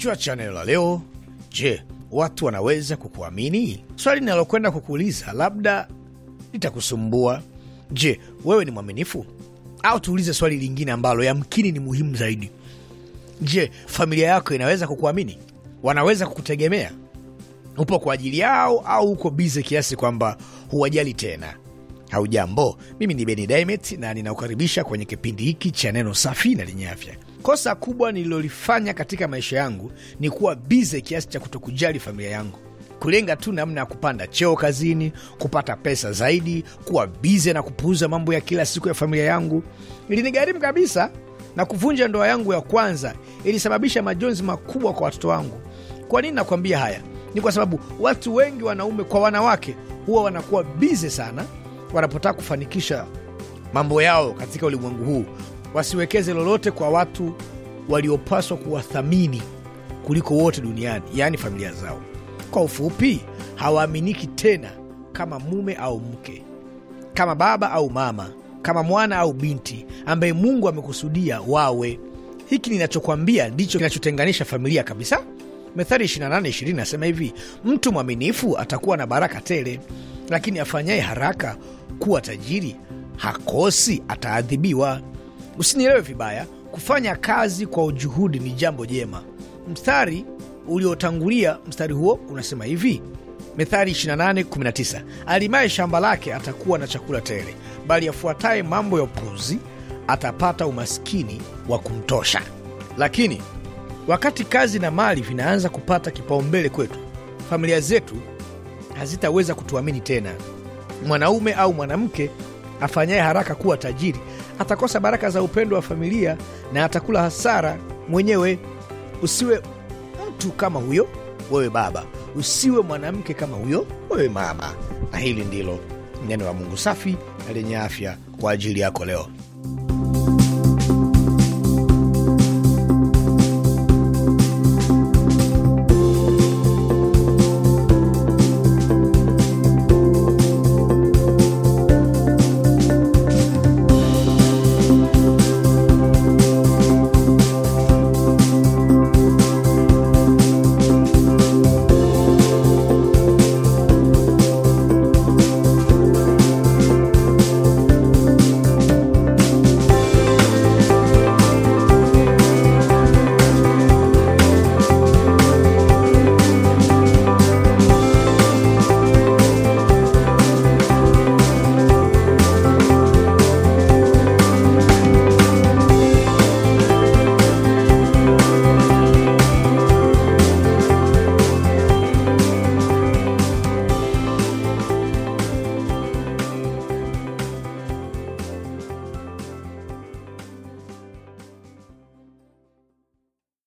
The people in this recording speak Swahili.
Kichwa cha neno la leo: Je, watu wanaweza kukuamini? Swali linalokwenda kukuuliza labda litakusumbua. Je, wewe ni mwaminifu? Au tuulize swali lingine ambalo yamkini ni muhimu zaidi: Je, familia yako inaweza kukuamini? Wanaweza kukutegemea? Upo kwa ajili yao au uko bize kiasi kwamba huwajali tena? Haujambo, mimi ni Beni Dimet na ninakukaribisha kwenye kipindi hiki cha neno safi na lenye afya. Kosa kubwa nililolifanya katika maisha yangu ni kuwa bize kiasi cha kutokujali familia yangu, kulenga tu namna ya kupanda cheo kazini, kupata pesa zaidi, kuwa bize na kupuuza mambo ya kila siku ya familia yangu. Ilinigharimu kabisa, na kuvunja ndoa yangu ya kwanza ilisababisha majonzi makubwa kwa watoto wangu. Kwa nini nakwambia haya? Ni kwa sababu watu wengi, wanaume kwa wanawake, huwa wanakuwa bize sana wanapotaka kufanikisha mambo yao katika ulimwengu huu wasiwekeze lolote kwa watu waliopaswa kuwathamini kuliko wote duniani, yaani familia zao. Kwa ufupi, hawaaminiki tena kama mume au mke, kama baba au mama, kama mwana au binti ambaye Mungu amekusudia wawe. Hiki ninachokwambia ndicho kinachotenganisha familia kabisa. Methali 28:20 nasema hivi, mtu mwaminifu atakuwa na baraka tele, lakini afanyaye haraka kuwa tajiri hakosi ataadhibiwa. Usinielewe vibaya, kufanya kazi kwa ujuhudi ni jambo jema. Mstari uliotangulia mstari huo unasema hivi, Methali 28:19 alimaye shamba lake atakuwa na chakula tele, bali afuataye mambo ya upuzi atapata umaskini wa kumtosha. Lakini wakati kazi na mali vinaanza kupata kipaumbele kwetu, familia zetu hazitaweza kutuamini tena. Mwanaume au mwanamke afanyaye haraka kuwa tajiri atakosa baraka za upendo wa familia na atakula hasara mwenyewe. Usiwe mtu kama huyo wewe baba, usiwe mwanamke kama huyo wewe mama. Na hili ndilo neno la Mungu safi na lenye afya kwa ajili yako leo.